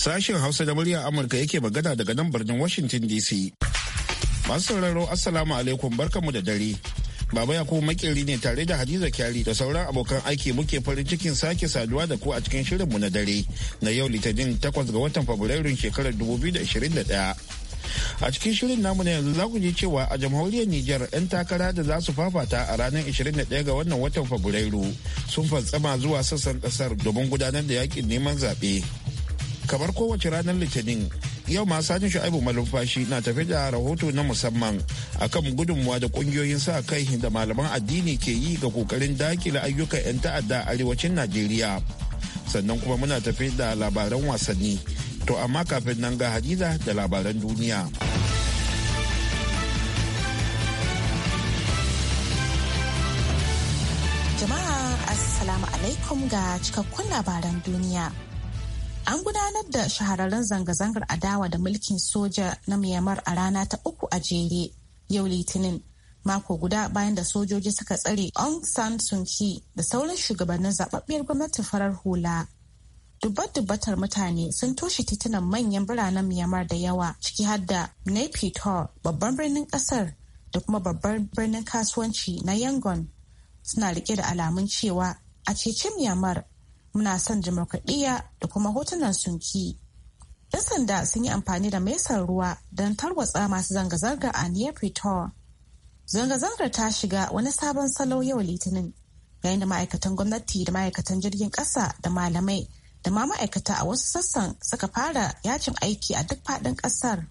Sashen Hausa da murya Amurka yake magana daga nan birnin Washington DC. Masu sauraro Assalamu alaikum barkanmu da dare. Baba Yakubu makeri ne tare da Hadiza Kyari da sauran abokan aiki muke farin cikin sake saduwa da ku a cikin shirinmu na dare na yau Litinin 8 ga watan Fabrairun shekarar 2021. a cikin shirin namu na yanzu za ku ji cewa a jamhuriyar Nijar 'yan takara da za su fafata a ranar 21 ga wannan watan Fabrairu sun fantsama zuwa sassan kasar domin gudanar da yakin neman zaɓe. kamar kowace ranar litinin yau ma sani shu'aibu malumfashi na tafi da rahoto na musamman akan gudunmuwa da kungiyoyin sa kai da malaman addini ke yi ga kokarin dakile ayyukan 'yan ta'adda a arewacin najeriya sannan kuma muna tafi da labaran wasanni to amma kafin nan ga hadiza da labaran duniya jama'a assalamu alaikum ga cikakkun labaran duniya An gudanar da shahararren zanga-zangar adawa da mulkin soja na Myanmar a rana ta uku a jere yau Litinin. Mako guda bayan da sojoji suka tsare Aung San Suu Kyi da sauran shugabannin zababbiyar gwamnatin farar hula. dubbar dubbatar mutane sun toshe titunan manyan biranen Myanmar da yawa ciki har da Naypyidaw babban birnin kasar da kuma babban birnin kasuwanci na Yangon suna rike da alamun cewa a cece Myanmar muna son jamhurkadiyya da kuma hotunan sunki. 'Yan sanda sun yi amfani da mesar ruwa don tarwatsa masu zanga-zanga a Near Pretoria. Zanga-zangar ta shiga wani sabon salo yau Litinin, yayin da ma'aikatan gwamnati da ma'aikatan jirgin ƙasa da malamai da ma ma'aikata a wasu sassan suka fara yajin aiki a duk faɗin ƙasar.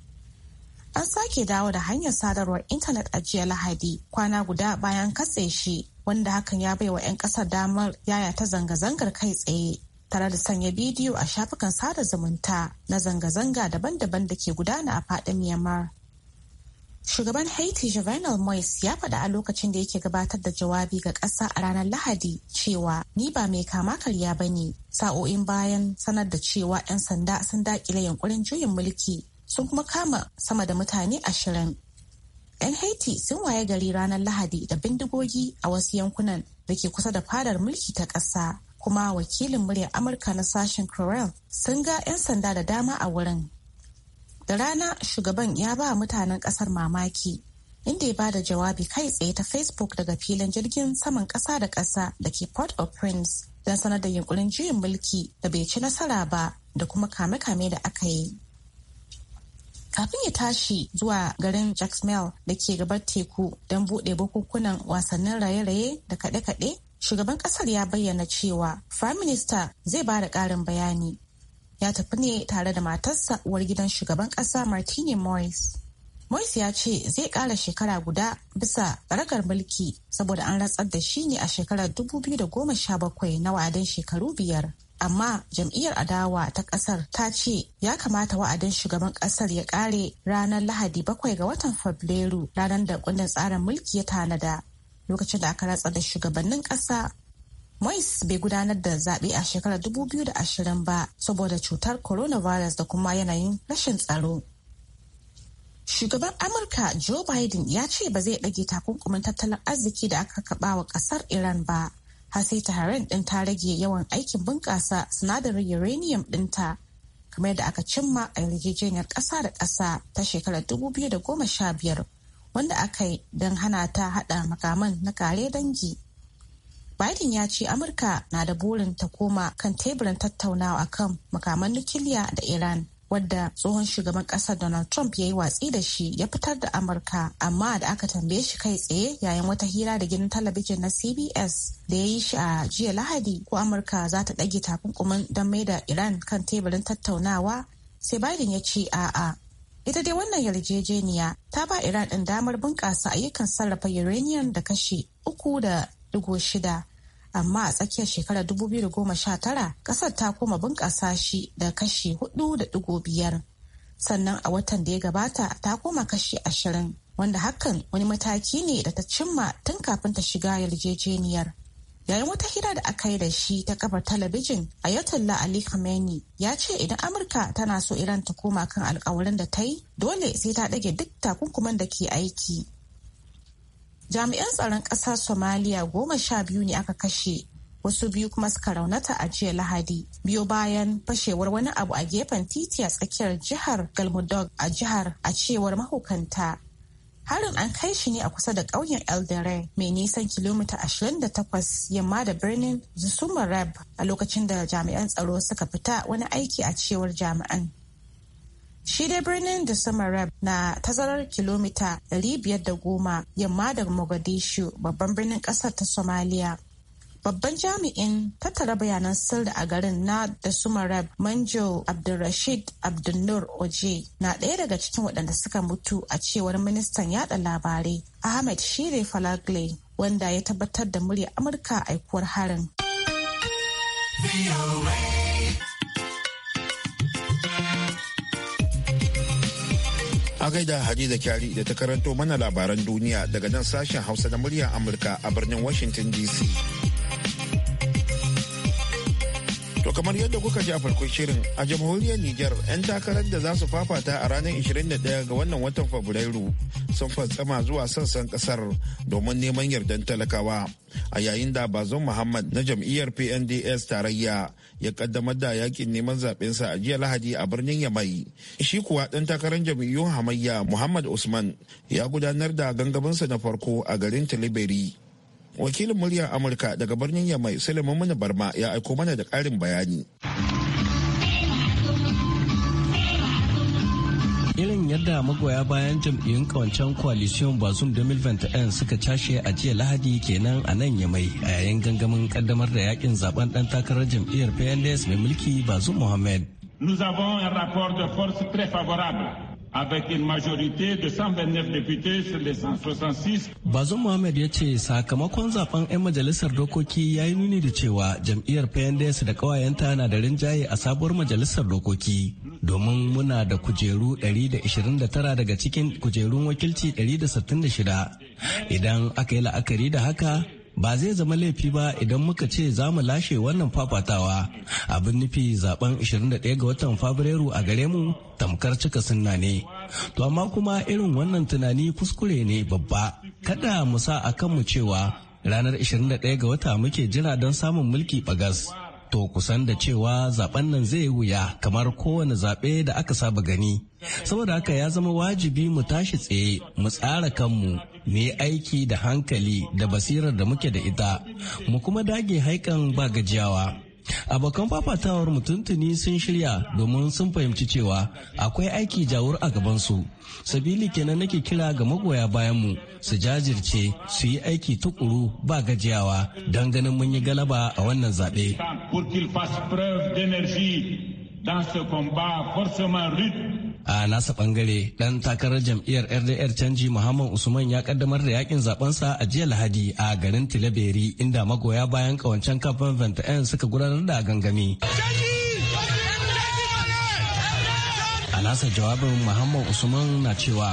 An sake dawo da hanyar sadarwar intanet a jiya Lahadi kwana guda bayan katse shi. wanda hakan ya bai wa 'yan ƙasar damar yaya ta zanga-zangar kai tsaye tare da sanya bidiyo a shafukan sada zumunta na zanga-zanga daban-daban da ke gudana a faɗin Myanmar. Shugaban Haiti juvenal Moise ya faɗa a lokacin da yake gabatar da jawabi ga ƙasa a ranar Lahadi cewa ni ba mai kama karya ba ne sa'o'in bayan sanar da cewa 'yan sanda sun daƙile yankurin juyin mulki sun kuma kama sama da mutane ashirin 'Yan Haiti sun waye gari ranar Lahadi da bindigogi a wasu yankunan da ke kusa da fadar mulki ta ƙasa. Kuma wakilin muryar Amurka na sashen Corel sun ga 'yan sanda da dama a wurin. Da rana shugaban ya ba mutanen ƙasar mamaki inda ya bada jawabi kai tsaye ta Facebook daga filin jirgin saman ƙasa da ƙasa da ke Port-au-Prince don sanar da yunkurin juyin mulki da bai ci nasara ba da kuma kame-kame da aka yi. kafin ya tashi zuwa garin jacksmel da ke gabar teku don buɗe bukukunan wasannin raye-raye da kaɗe-kaɗe shugaban ƙasar ya bayyana cewa prime minister zai ba da ƙarin bayani ya tafi ne tare da matarsa uwar gidan shugaban ƙasa Martini morris Moise ya ce zai ƙara shekara guda bisa ragar mulki saboda an ratsar da shi ne a shekarar 2017 na wa'adin shekaru biyar amma jam'iyyar adawa ta kasar ta ce ya kamata wa'adin shugaban kasar ya kare ranar lahadi bakwai ga watan fabrairu ranar da kundin tsarin mulki ya tanada lokacin da aka ratsa da shugabannin kasa mois bai gudanar da zaɓe a shekarar 2020 ba saboda cutar coronavirus da kuma yanayin rashin tsaro. Shugaban Amurka Joe Biden ya ce ba zai ɗage takunkumin tattalin arziki da aka kaɓa wa ƙasar Iran ba har sai harin din ta rage yawan aikin bunƙasa sinadarin uranium dinta kamar da aka cimma a yarjejeniyar ƙasa da ƙasa ta shekarar 2015 wanda aka yi don hana ta haɗa makaman na kare dangi. Biden ya ce Amurka na da burin ta koma kan teburin tattaunawa akan makaman nukiliya da Iran. wadda tsohon shugaban kasar donald trump ya yi watsi da shi ya fitar da amurka amma da aka tambaye shi kai tsaye yayin wata hira da gidan talabijin na cbs da ya yi shi a jiya lahadi ko amurka za ta ɗage takunkumin don mai da iran kan teburin tattaunawa sai biden ya ce a'a ita dai wannan yarjejeniya ta ba iran ɗin damar bunƙasa ayyukan sarrafa uranium da kashi uku da digo shida amma a tsakiyar shekarar 2019 kasar ta koma bunƙasa shi da kashi 4.5 sannan a watan da ya gabata ta koma kashi 20 wanda hakan wani mataki ne da ta cimma tun kafin ta shiga yarjejeniyar yayin wata hira da aka yi da shi ta kafar talabijin ayatollah ali khamenei ya ce idan amurka tana so iran ta koma kan alkawarin da ta yi dole sai ta dage duk takunkuman da ke aiki jami'an tsaron ƙasar somaliya goma sha biyu ne aka kashe wasu biyu kuma suka raunata a jiya lahadi biyo bayan fashewar wani abu a gefen titi a tsakiyar jihar galmudog a jihar a cewar mahukanta harin an kai shi ne a kusa da ƙauyen eldere mai nisan kilomita 28 yamma da birnin zusumarab a lokacin da jami'an tsaro suka fita wani aiki a cewar jami'an Shi dai birnin da rab na tazarar kilomita 510 yamma da Mogadishu babban birnin kasar ta Somalia. Babban jami'in tattara bayanan sirri a garin na da rab Manjo Abdulrashid Abdulnur Oje na ɗaya daga cikin waɗanda suka mutu a cewar ministan yada labarai Ahmed Shire Falagle wanda ya tabbatar da murya Amurka aikuwar harin. A gaida Hadiza Kyari da ta karanto mana labaran duniya daga nan sashen Hausa na muryar Amurka a birnin Washington DC. kamar yadda kuka ji a farkon shirin a jamhuriyar Nijar 'yan takarar da za su fafata a ranar 21 ga wannan watan Fabrairu sun fatsama zuwa sassan kasar domin neman yardan talakawa a yayin da bazon Muhammad na jam'iyyar PNDS tarayya ya kaddamar da yakin neman zaɓensa a jiya Lahadi a birnin Yamai. Shi kuwa ɗan takarar jam'iyyun hamayya Muhammad Usman ya gudanar da gangaminsa na farko a garin Tilibiri. wakilin muryar amurka daga birnin yamai suleiman mana barma ya aiko mana da ƙarin bayani irin yadda magoya bayan jam'iyyun kawancen coalition bazum 2021 suka cashe a jiya lahadi kenan a nan yamai a yayin gangamin kaddamar da yakin zaben dan takarar jam'iyyar pnds mai mulki bazum mohammed Nous avons un rapport de force très favorable avec une majorité de 129 députés sur les 166. Mohamed ya ce sakamakon zaben 'yan majalisar dokoki ya yi nuni da cewa jam'iyyar PNDS da ƙawayenta na da rinjaye a sabuwar majalisar dokoki domin muna da kujeru 129 daga cikin kujerun wakilci 166 idan aka yi la'akari da haka ba zai zama laifi ba idan muka ce za mu lashe wannan fafatawa abin nufi zaben 21 ga watan fabrairu a gare mu tamkar cika sunna ne to amma kuma irin wannan tunani kuskure ne babba kada mu sa a kanmu cewa ranar 21 ga wata muke jira don samun mulki bagas to kusan da cewa zaben nan zai wuya kamar kowane zaɓe da aka saba gani saboda haka ya zama wajibi mu tashi tsaye mu tsara kanmu mu yi aiki da hankali da basirar da muke da ita mu kuma dage haikan ba gajiyawa abokan fafatawar mutuntuni sun shirya domin sun fahimci cewa akwai aiki jawur a gabansu sabili kenan nake kira ga magoya bayanmu su jajirce su yi aiki tukuru ba gajiyawa don ganin mun yi galaba a wannan zaɓe dans ce combat forcément rude a nasa bangare dan takarar jam'iyyar rdr canji muhammad usman ya kaddamar da yakin zabensa a jiya lahadi a garin tilaberi inda magoya bayan kawancen kafin 21 suka gudanar da gangami a nasa jawabin muhammad usman na cewa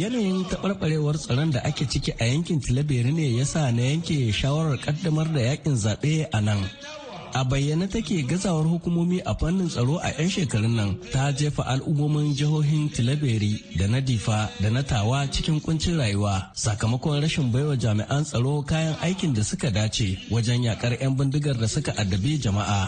yanayin taɓarɓarewar tsaron da ake ciki a yankin tilaberi ne ya sa na yanke shawarar kaddamar da yakin zaɓe a nan a bayyana take gazawar hukumomi a fannin tsaro a 'yan shekarun nan ta jefa al'ummomin jihohin tilaberi da na difa da na tawa cikin kuncin rayuwa sakamakon rashin baiwa jami'an tsaro kayan aikin da suka dace wajen yakar 'yan bindigar da suka addabi jama'a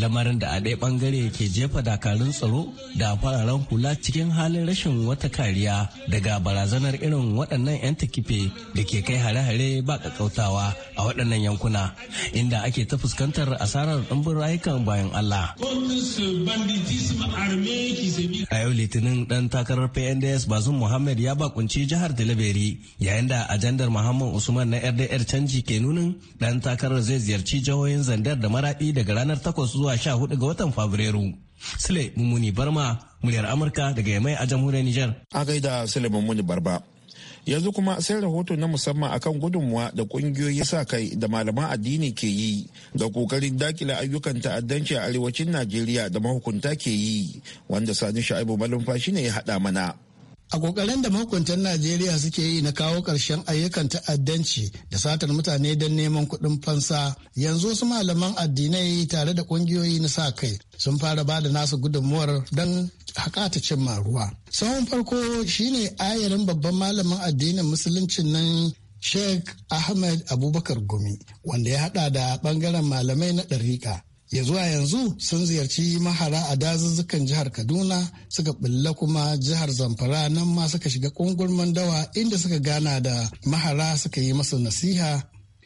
lamarin da a ɗaya bangare ke jefa dakarun tsaro da fararen hula cikin halin rashin wata kariya daga barazanar irin waɗannan 'yan takife da ke kai hare-hare ba ƙaƙƙautawa a waɗannan yankuna inda ake ta fuskantar asa nasarar ɗumbin rayukan bayan Allah. A yau Litinin ɗan takarar PNDS Bazum Muhammad ya bakunci jihar Delaberi yayin da ajandar Muhammad Usman na RDR canji ke nunin ɗan takarar zai ziyarci jihohin Zandar da Maraɗi daga ranar 8 zuwa sha hudu ga watan Fabrairu. Sule Mummuni Barma, muryar Amurka daga Yamai a jamhuriyar Nijar. A gaida Sule Mummuni Barba. yanzu kuma sai rahoto na musamman akan gudunmuwa da kungiyoyin sa kai da malaman addini ke yi ga kokarin dakila ayyukan ta'addanci a arewacin najeriya da mahukunta ke yi wanda sani sha'ibu malumfashi ne ya haɗa mana A ƙoƙarin da mahukuntan Najeriya suke yi na kawo ƙarshen ayyukan ta'addanci da satar mutane don neman kuɗin fansa, yanzu wasu malaman addinai tare da ƙungiyoyi na sa kai sun fara ba da nasu gudunmuwar don haƙata cin maruwa. Sahun farko shine ayarin babban malamin addinin musuluncin nan Sheikh Ahmed Abubakar Gumi, wanda ya haɗa da ɓangaren malamai na ɗarika. ya zuwa yanzu sun ziyarci mahara a dazuzzukan jihar kaduna suka bulla kuma jihar zamfara nan ma suka shiga kungurman dawa inda suka gana da mahara suka yi masa nasiha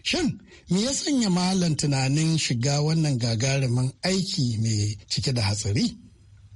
shin me ya sanya malam tunanin shiga wannan gagarumin aiki mai cike da hatsari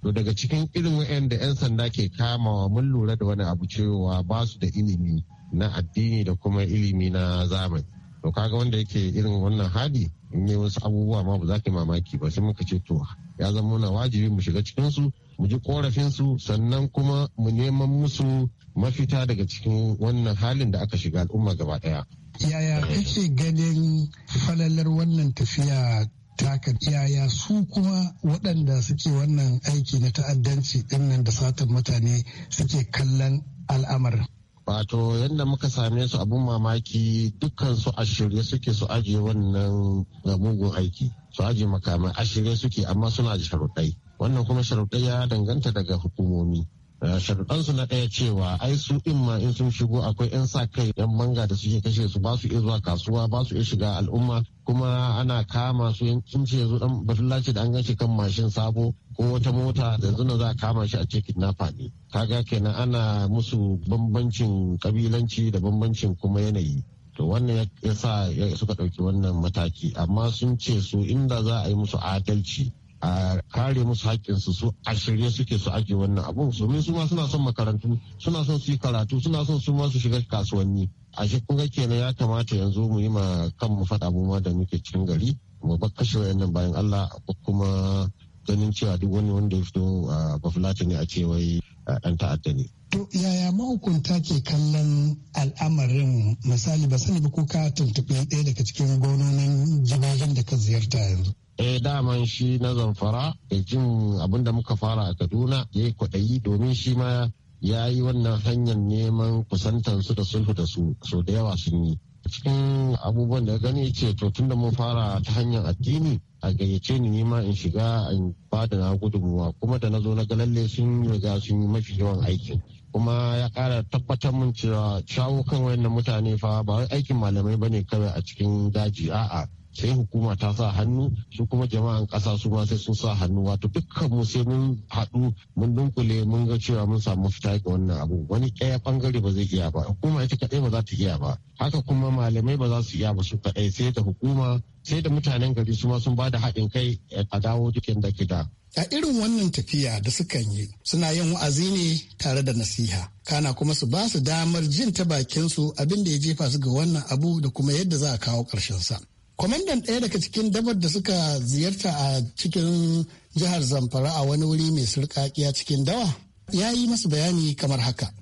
to daga cikin irin da 'yan sanda ke kamawa mun lura da wani abu cewa ba su da ilimi na addini da kuma ilimi na zamani to kaga wanda yake irin wannan hali ne wasu abubuwa ma ba za ka mamaki ba sai muka ce to ya zama na wajibi mu shiga cikin su mu ji korafin su sannan kuma mu neman musu mafita daga cikin wannan halin da aka shiga al'umma gaba daya yaya eh. kake ganin falalar wannan tafiya taka yaya su kuma waɗanda suke wannan aiki na ta'addanci dinnan da satan mutane suke kallon al'amarin wato yadda muka same su abun mamaki dukkan su a shirye suke su ajiye wannan mugun aiki su ajiye makamai a shirye suke amma suna da sharuɗai wannan kuma sharuɗai ya danganta daga hukumomi eh, sharuɗansu na ɗaya cewa ai su in ma in sun shigo akwai 'yan sa kai 'yan manga da suke kashe su ba su iya zuwa kasuwa ba su iya shiga al'umma kuma ana kama su sun ce yanzu dan batullaci da an shi kan mashin sabo ko wata mota yanzu na za a kama shi a ce kidnapper ne kaga kenan ana musu bambancin kabilanci da bambancin kuma yanayi to wannan ya sa suka ɗauki wannan mataki amma sun ce su inda za a yi musu adalci a kare musu haƙƙinsu su a shirye suke su ake wannan abun su su ma suna son makarantu suna son su yi karatu suna son su ma su shiga kasuwanni a shi kun kenan ya kamata yanzu mu yi ma kanmu faɗa mu da muke cikin gari mu bar kashe wayannan bayan Allah kuma ganin cewa duk wani wanda ya fito a bafulata ne a kewaye dan ta'adda ne. To yaya mahukunta ke kallon al'amarin misali ba sani ba ko ka tuntuɓi ɗaya daga cikin gononin jihohin da ka ziyarta yanzu. eh daman shi na zamfara da jin abin da muka fara a kaduna ya yi kwaɗayi domin shi ma ya yi wannan hanyar neman kusantar su da sulhu da su so da yawa sun yi cikin abubuwan da gani ce to tun da mun fara ta hanyar addini a gayyace ni nima in shiga in bada na gudunmuwa kuma da na zo na ga lalle sun riga sun yi mafi yawan aikin kuma ya kara tabbatar min cewa shawo kan wayannan mutane fa ba aikin malamai bane kawai a cikin daji a'a sai hukuma ta sa hannu su kuma jama'an kasa su ma sai sun sa hannu wato dukkan mu sai mun haɗu mun dunkule mun ga cewa mun samu fita ga wannan abu wani ɗaya bangare ba zai iya ba hukuma ita kadai ba za ta iya ba haka kuma malamai ba za su iya ba su kaɗai sai da hukuma sai da mutanen gari su ma sun ba da haɗin kai eh, a dawo dukkan da gida. A irin wannan tafiya da sukan yi suna yin wa'azi ne tare da nasiha. Kana kuma su ba su damar jin ta bakinsu abin da ya jefa su ga wannan abu da kuma yadda za a kawo ƙarshen sa. kwamandan ɗaya daga cikin dabar da suka ziyarta a cikin jihar zamfara a wani wuri mai surƙaƙiya cikin dawa ya yi masu bayani kamar haka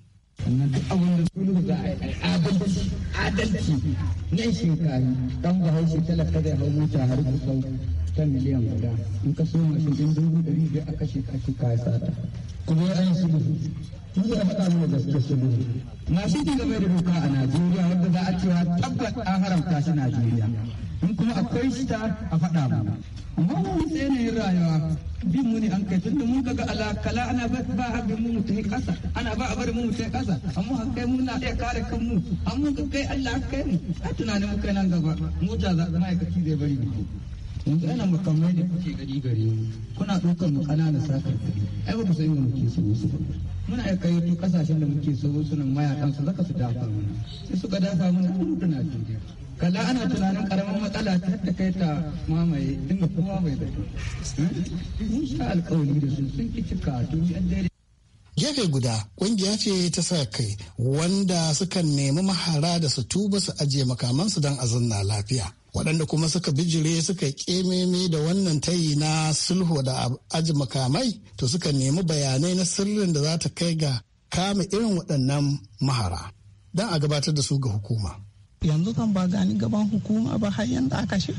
adalci masu ci gaba da doka a najeriya wanda za a cewa tabbat a haramta shi najeriya in kuma akwai shi ta a faɗa mu amma mu yin rayuwa bin mu ne an kai tunda mun kaga alakala ana ba ba abin mu mutai kasa ana ba a bari mu mutai kasa amma an kai mun na iya kare kan mu amma ka kai Allah kai mu a tunanin mu kai nan gaba mu da za ma'aikaci zai bari mu yanzu ana makamai da kuke gari gari kuna ɗaukar mu ƙananan sakar ai ba ku san mu muke so su ba muna ya kai to kasashen da muke so su nan mayakan su zaka su dafa mana sai suka dafa mana an na duniya kalla ana tunanin karamin matsala ta da kai ta mamaye dinga kowa mai zato eh? mun sha alƙawari da su sun ki cika to an gefe guda ƙungiya ce ta sa kai wanda sukan nemi mahara da su tuba su ajiye makamansu don a lafiya waɗanda kuma suka bijire suka kememe da wannan tayi na sulhu da aji makamai to suka nemi bayanai na sirrin da za ta kai ga kame irin waɗannan mahara don a gabatar da su ga hukuma yanzu kan ba gani gaban hukuma ba har yanzu aka shi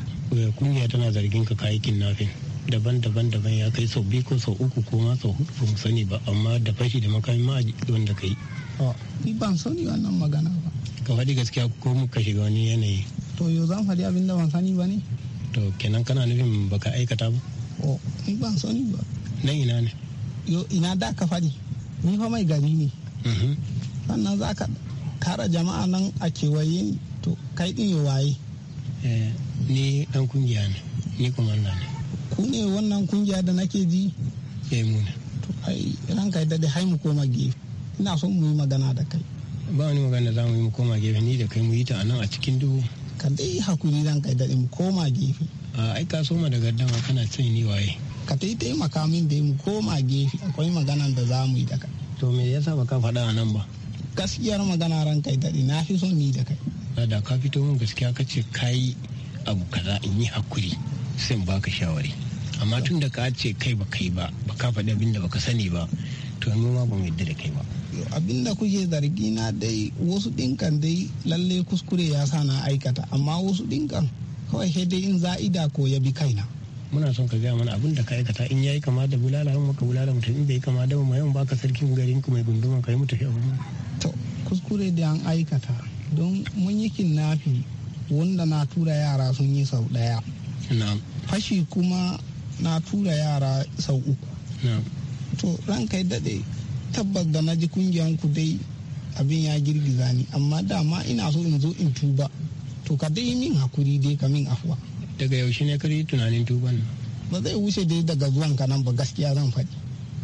kungiya tana zargin ka kayakin nafin daban-daban daban ya kai sau biyu ko sau uku ko ma sau hudu ba mu sani ba amma da fashi da makami ma wanda ka yi. Oh, ni ban sani wannan magana ba. Ka faɗi gaskiya ko muka shiga wani yanayi. to yau zan faɗi abin da ban sani ba ne to kenan kana nufin baka aikata ba o ni ban sani ba na ina ne yo ina da ka faɗi ni fa mai gari ne mhm. sannan za ka kara jama'a nan a kewaye ni to kai din ya waye eh, ni dan kungiya ne ni kuma na ne ku ne wannan kungiya da nake ji eh mu ne to ai kai da dai hai mu koma gefe ina son mu yi magana da kai ba wani magana za mu yi mu koma gefe ni da kai mu yi ta a nan a cikin duhu ka dai hakuri zan kai daɗi mu koma gefe. ai ka soma da gardama kana cin ni waye. ka ta yi taimaka min da mu koma gefe akwai maganan da za mu yi da to me yasa ba ka faɗa a nan ba. gaskiyar magana ran kai daɗi na fi son ni da kai. da ka fito min gaskiya ka ce ka yi abu kaza in yi hakuri sai baka shawari amma tun da ka ce kai ba kai ba ba ka faɗi abin da baka sani ba to mu ma ba mu yadda da kai ba. abinda kuke zargi na dai wasu ɗinkan dai lalle kuskure ya sa na aikata amma wasu ɗinkan kawai sai dai in za'ida ko ya bi kaina muna son ka gaya mana abin da ka aikata in yayi kama da bulala mu ka bulala mutum in bai kama da mu baka sarkin garin ku mai gunduma kai mu tafi abun to kuskure da an aikata don mun yi kinnafi wanda na tura yara sun yi sau daya fashi kuma na tura yara sau uku to kai dade tabbas da na ji kungiyan ku dai abin ya girgiza ni amma dama ina so in zo in tuba to ka dai min hakuri dai ka min afuwa daga yaushe ne ka yi tunanin tuban ba zai wuce dai daga zuwan ka nan ba gaskiya zan faɗi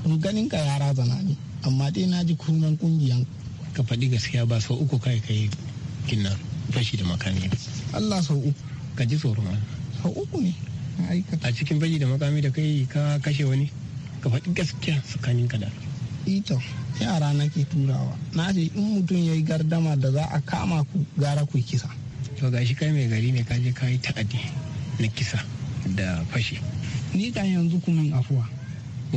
in ganin ka yara zana ne amma dai na ji kunan kungiyan ka faɗi gaskiya ba sau uku kai kai kinnar fashi da makami Allah sau uku ka ji tsoron Allah sau uku ne a cikin baji da makami da kai ka kashe wani ka faɗi gaskiya tsakanin ka da ito eh yara nake turawa na ce in mutum ya yi gardama da za a kama ku gara ku kisa to gashi kai mai gari ne kaje ka yi ta'adi na kisa da fashe ni kan yanzu kuma afuwa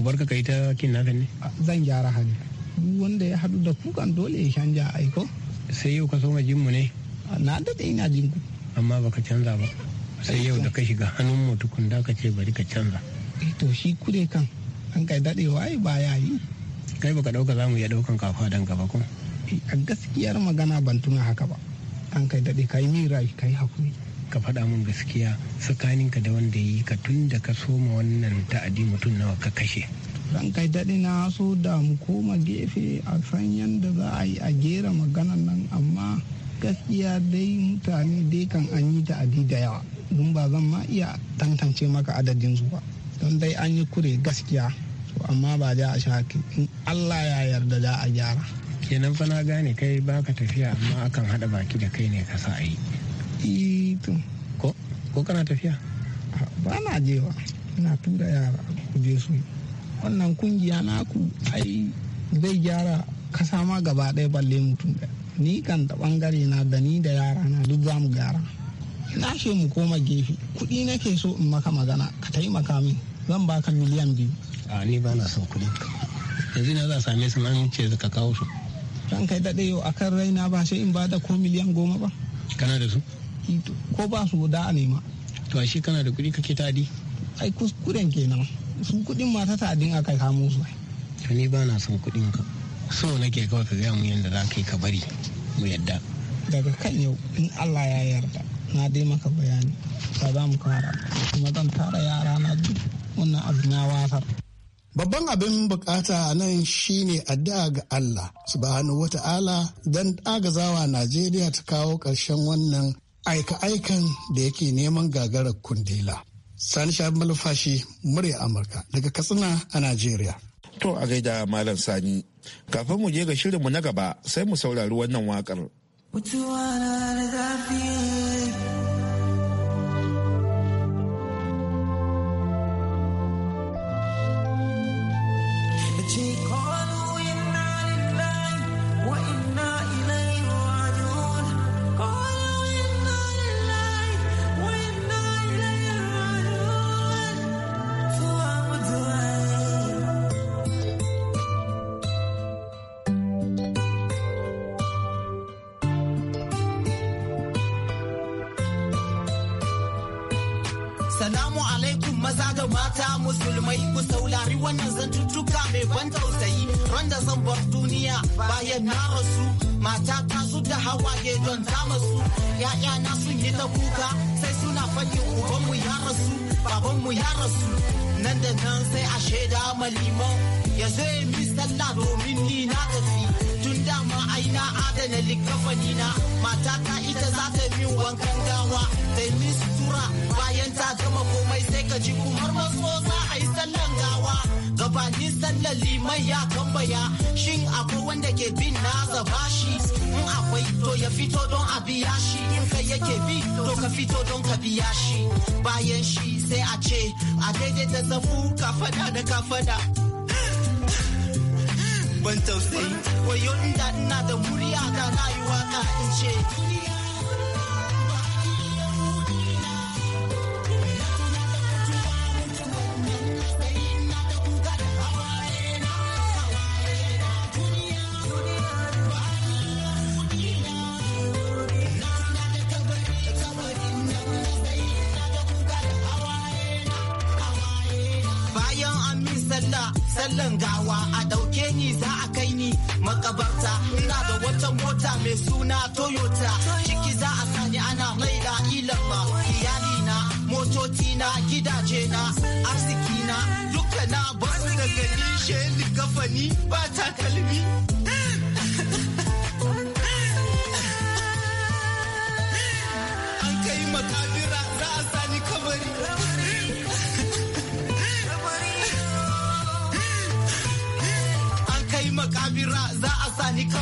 bar ka kai ta na ne zan gyara hali duk wanda ya haɗu da kukan dole ya canja aiko sai yau ka soma jinmu ne na daɗe ina jin ku amma baka canza ba sai yau da ka eh shiga hannun mu tukun da ka ce bari ka canza eh to shi kure kan an kai daɗewa ai ba ya yi kai baka dauka za mu iya daukan kafa dan gaba ko a gaskiyar magana ban tuna haka ba an kai dade kai mi rai kai hakuri ka faɗa mun gaskiya tsakaninka da wanda yi ka tun da ka soma wannan ta'adi mutum nawa ka kashe ran kai daɗi na so da mu koma gefe a san yadda za a yi a gera maganan nan amma gaskiya dai mutane dai kan an yi ta'adi da yawa don ba zan ma iya tantance maka adadin su ba don dai an yi kure gaskiya amma ba za a shaki in Allah ya yarda za a gyara kenan fa na gane kai baka tafiya amma akan hada baki da kai ne ka sa a yi eh ko ko kana tafiya ba na jewa ina tura yara ku je su wannan kungiya naku ai zai gyara kasa ma gaba ɗaya balle mutum ɗaya ni kan da bangare na da ni da yara na duk za mu gyara na ce mu koma gefe kuɗi nake so in maka magana ka taimaka min zan baka miliyan biyu a ni ba na son kuɗi yanzu na za a same su nan ce ka kawo su kan kai daɗe yau akan raina ba sai in ba da ko miliyan goma ba kana da su ko ba su da a nema to ashe kana da kuɗi kake tadi ai kuskuren kenan su kuɗin mata tadin aka kamo su to ni ba na son kuɗin ka so nake kawai ka gaya mu yadda za ka yi ka bari mu yadda daga kan yau in Allah ya yarda na dai maka bayani ba za mu kara kuma zan tara yara na duk wannan abu na watar Babban abin bukata a nan shine addu'a ga Allah wata Ala don agazawa Najeriya ta kawo ƙarshen wannan aika-aikan da yake neman gagarar kundila. Sani Shabi Malfashi, murya Amurka daga Katsina a Najeriya. To a gaida Malam Sani, kafin mu je ga shirinmu na gaba sai mu saurari wannan waƙar. Mutuwa na da zafi alaikum maza ga mata musulmai ku saulari wannan zantuttuka mai ban tausayi randa zan bar duniya bayan na rasu mata ta su da hawaye don ta masu ya'ya na sun yi ta kuka sai suna faɗi ubanmu ya rasu babanmu ya rasu nan da nan sai a shaida maliman ya zo yi sallah domin ni na tafi tun dama aina adana likafani na matata ita za ta min wankan gawa ta mistura bayan ta gama komai sai ka ji kumar maso za a yi sallan gawa gabanin sallan liman ya tambaya shin akwai wanda ke bin na zaba shi in akwai to ya fito don a biya shi in kai yake bi to ka fito don ka biya shi bayan shi sai a ce a daidaita zafu kafada da kafada ban tausayi wayo inda ina da muriya ga rayuwa ka in ce sallan ga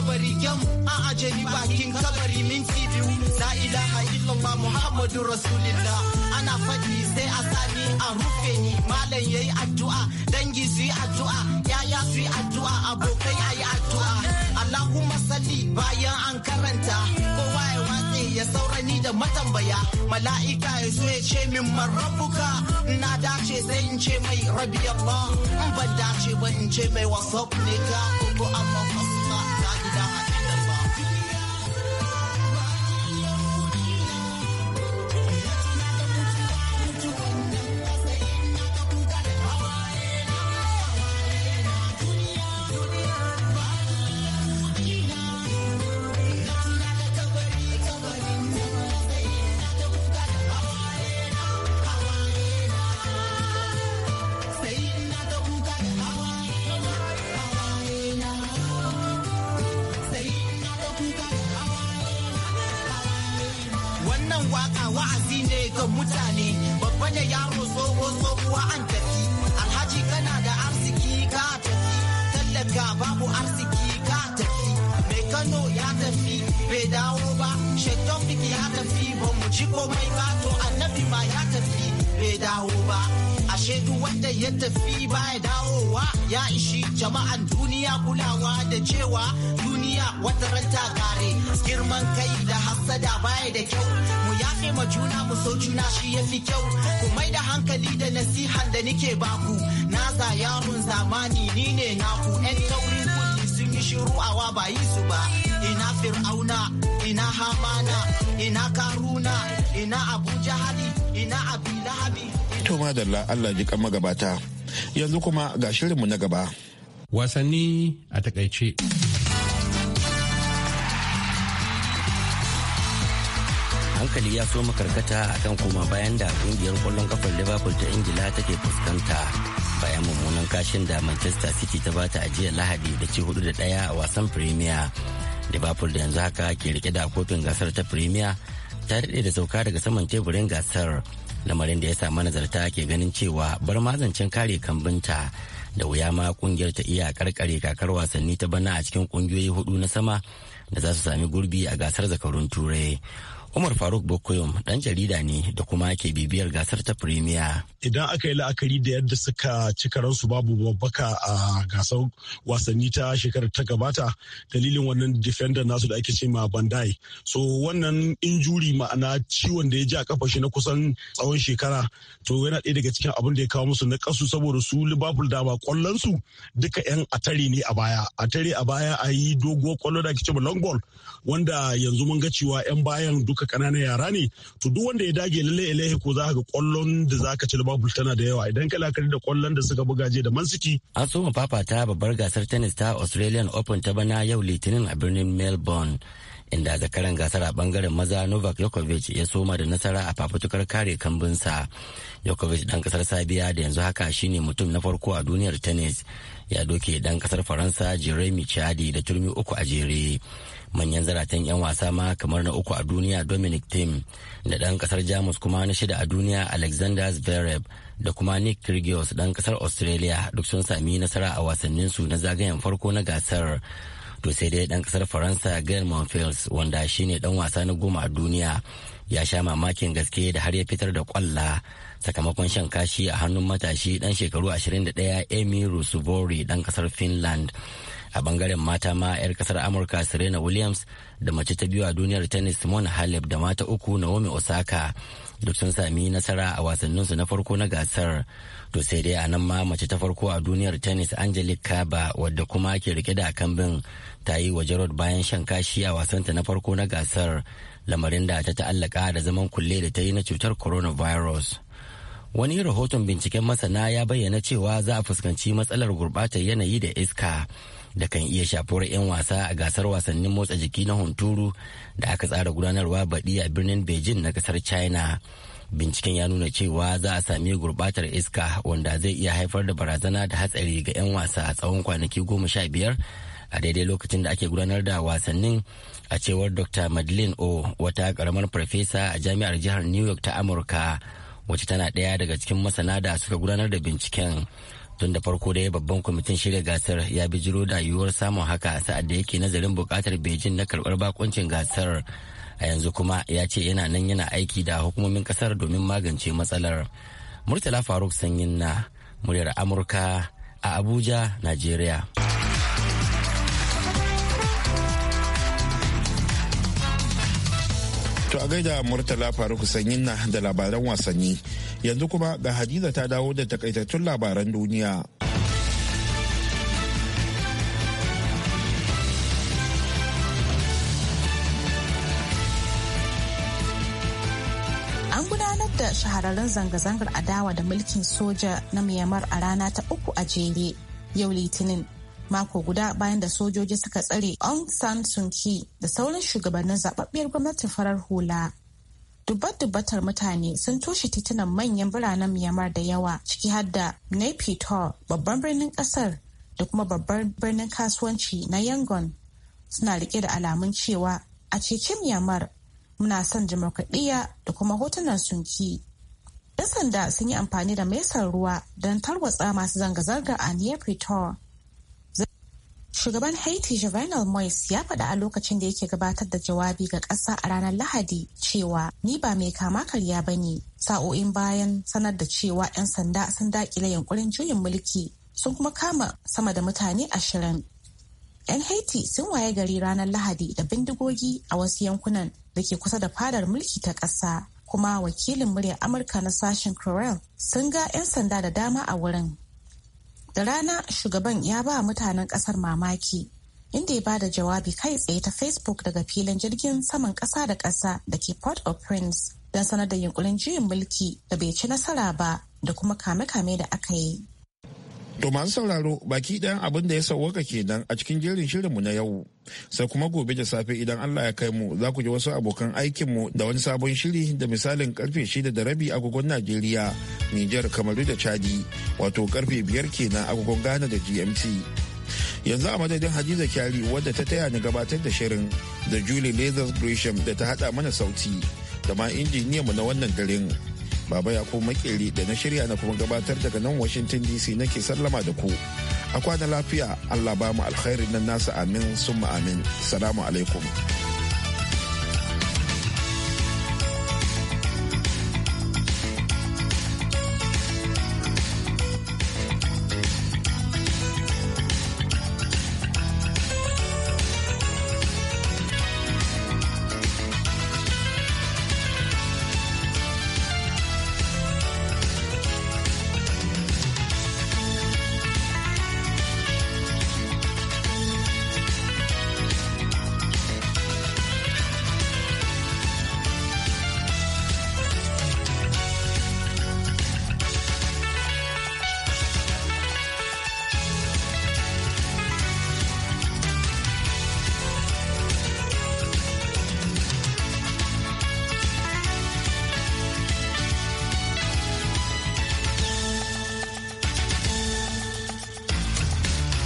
kabari gem a ajali bakin kabari minti biyu la ilaha illallah muhammadu rasulillah ana faɗi sai a sani a rufe ni malam yayi addu'a dangi su yi addu'a yaya su yi addu'a abokai ayi yi addu'a allahumma salli bayan an karanta kowa ya watse ya saurani da matambaya mala'ika ya zo ya ce min marabuka na dace sai in ce mai rabi allah in ban dace ba in ce mai wasaf ne ka amma ne ga mutane babba da yaro tsoho tsohuwa an tafi alhaji kana da arziki ka tafi tallaka babu arziki ka tafi mai kano ya tafi bai dawo ba shetofik ya tafi ba mu ci komai ba to annabi ma ya tafi bai dawo ba ashe duk wanda ya tafi ba ya dawowa ya ishi jama'an duniya kulawa da cewa duniya wata ranta gare girman kai da hasada baya da kyau mu yafe ma juna mu so juna shi ya fi kyau ku mai da hankali da nasihan da nike baku na za yaron zamani ni ne naku yan taurin kulli sun yi shiru awa ba yi su ba ina fir'auna ina hamana ina karuna ina abuja jahali ina abi to madalla Allah ji kan magabata yanzu kuma ga shirinmu na gaba wasanni a takaice hankali ya so makarkata a kan koma bayan da kungiyar kwallon kafar liverpool ta ingila take fuskanta bayan mummunan kashin da manchester city ta bata a jiya lahadi da ci hudu da daya a wasan premier liverpool da yanzu haka ke rike da kofin gasar ta premier ta daɗe da sauka daga saman teburin gasar lamarin da ya samu nazarta ke ganin cewa bar mazancin kare kambinta da wuya ma kungiyar ta iya karkare kakar wasanni ta bana a cikin kungiyoyi hudu na sama da za su sami gurbi a gasar zakarun turai Umar Faruk Bokoyom dan jarida ne da kuma ke bibiyar gasar ta Premier. Idan aka yi la'akari da yadda suka ci karansu babu babbaka a gasar wasanni ta shekarar ta gabata dalilin wannan defender nasu da ake ce ma Bandai. So wannan injuri ma'ana ciwon da ya ji a kafa shi na kusan tsawon shekara to yana ɗaya daga cikin abin da ya kawo musu na kasu saboda su Liverpool dama ba kwallon su duka yan atari ne a baya. Atari a baya a yi doguwar kwallo da ake ce ma long ball wanda yanzu mun ga cewa yan bayan duka duka ƙananan yara ne to duk wanda ya dage lalle ilahi ko za ka ga kwallon da za ka ci Liverpool tana da yawa idan ka lakari da kwallon da suka buga je da Man City. An so fafata babbar gasar tennis ta Australian Open ta bana yau Litinin a birnin Melbourne. inda zakaran gasar a bangaren maza novak yokovic ya soma da nasara a fafutukar kare kambinsa yokovic dan kasar sabiya da yanzu haka shine mutum na farko a duniyar tennis ya doke dan kasar faransa jeremy chadi da turmi uku a jere manyan zaratan 'yan wasa ma kamar na uku a duniya dominic tim da ɗan ƙasar jamus kuma na shida a duniya alexander zverev da kuma nick kyrgios ɗan ƙasar australia duk sun sami nasara a wasannin su na zagayen farko na gasar to sai dai ɗan ƙasar faransa gael monfils wanda shine ɗan wasa na goma a duniya ya sha mamakin gaske da har ya fitar da kwalla sakamakon shan kashi a hannun matashi ɗan shekaru 21 emiru rusubori ɗan ƙasar finland a bangaren mata ma 'yar kasar amurka serena williams da mace ta biyu a duniyar tennis simone halep da mata uku naomi osaka duk sun sami nasara a wasanninsu na farko na gasar to sai dai a nan ma mace ta farko a duniyar tennis angelique kaba wadda kuma ke rike da kambin ta yi wa jarod bayan shan kashi a wasanta na farko na gasar lamarin da ta ta'allaka da zaman kulle da ta yi na cutar coronavirus wani rahoton binciken masana ya bayyana cewa za a fuskanci matsalar gurbatar yanayi da iska da kan iya shafuwar 'yan wasa a gasar wasannin motsa jiki na hunturu da aka tsara gudanarwa baɗi a birnin beijing na ƙasar china binciken ya nuna cewa za a sami gurbatar iska wanda zai iya haifar da barazana da hatsari ga 'yan wasa a tsawon kwanaki goma sha biyar a daidai lokacin da ake gudanar da wasannin a cewar dr madeleine o wata karamar farfesa a jami'ar jihar new york ta amurka wacce tana ɗaya daga cikin masana da suka gudanar da binciken tun da farko da ya babban kwamitin shirya gasar ya bijiro da yiwuwar samun haka sa'ad da yake nazarin bukatar beijing na karbar bakuncin gasar a yanzu kuma ya ce yana nan yana aiki da hukumomin kasar domin magance matsalar murtala faruk sanyin na muryar amurka a abuja nigeria To a gaida Murtala Faruk Sanyin na da labaran wasanni. Yanzu kuma ga Hadiza ta dawo da takaitattun labaran duniya. An gudanar da shahararren zanga-zangar adawa da mulkin soja na Myanmar a rana ta uku a jere yau Litinin mako guda bayan da sojoji suka tsare Aung San Suu Kyi da sauran shugabannin zababbiyar gwamnatin farar hula. Dubbat-dubbatar mutane sun toshe titunan manyan biranen Myanmar da yawa ciki har da Naypyidaw babban birnin kasar da kuma babban birnin kasuwanci na Yangon suna rike da alamun cewa a cikin Myanmar muna son demokradiyya da kuma hotunan sunki. 'Yan sanda sun yi amfani da mesar ruwa don tarwatsa masu zanga-zanga a Naypyidaw Shugaban Haiti Jovenel Moise ya faɗa a lokacin da yake gabatar da jawabi ga ƙasa a ranar Lahadi cewa ni ba mai kama karya ba ne. Sa'o'in bayan sanar da cewa 'yan sanda sun daƙile yankurin juyin mulki sun kuma kama sama da mutane ashirin. 'Yan Haiti sun waye gari ranar Lahadi da bindigogi a wasu yankunan da ke kusa da fadar mulki ta ƙasa. Kuma wakilin murya Amurka na sashen Corel sun ga 'yan sanda da dama a wurin Da rana shugaban ya ba mutanen kasar mamaki inda ya ba da jawabi kai tsaye ta Facebook daga filin jirgin saman kasa da kasa da ke port of prince don sanar da yunkurin juyin mulki da bai ci nasara ba da kuma kame-kame da aka yi. To masu sauraro baki ɗayan abin da ya sauwaka kenan a cikin jerin shirinmu na yau. Sai kuma gobe da safe idan Allah ya kai mu za ku ji wasu abokan aikin mu da wani sabon shiri da misalin karfe shida da rabi agogon Najeriya, Nijar, Kamaru da Chadi, wato karfe biyar kenan agogon Ghana da GMT. Yanzu a madadin Hadiza Kyari wadda ta taya ni gabatar da shirin da Julie Lazarus Gresham da ta hada mana sauti da ma mu na wannan garin. Baba ya Yakub Makeri da na shirya na kuma gabatar daga nan Washington DC nake sallama da ku. A kwana lafiya Allah ba mu alkhairin nan nasa amin summa amin. Salamu alaikum.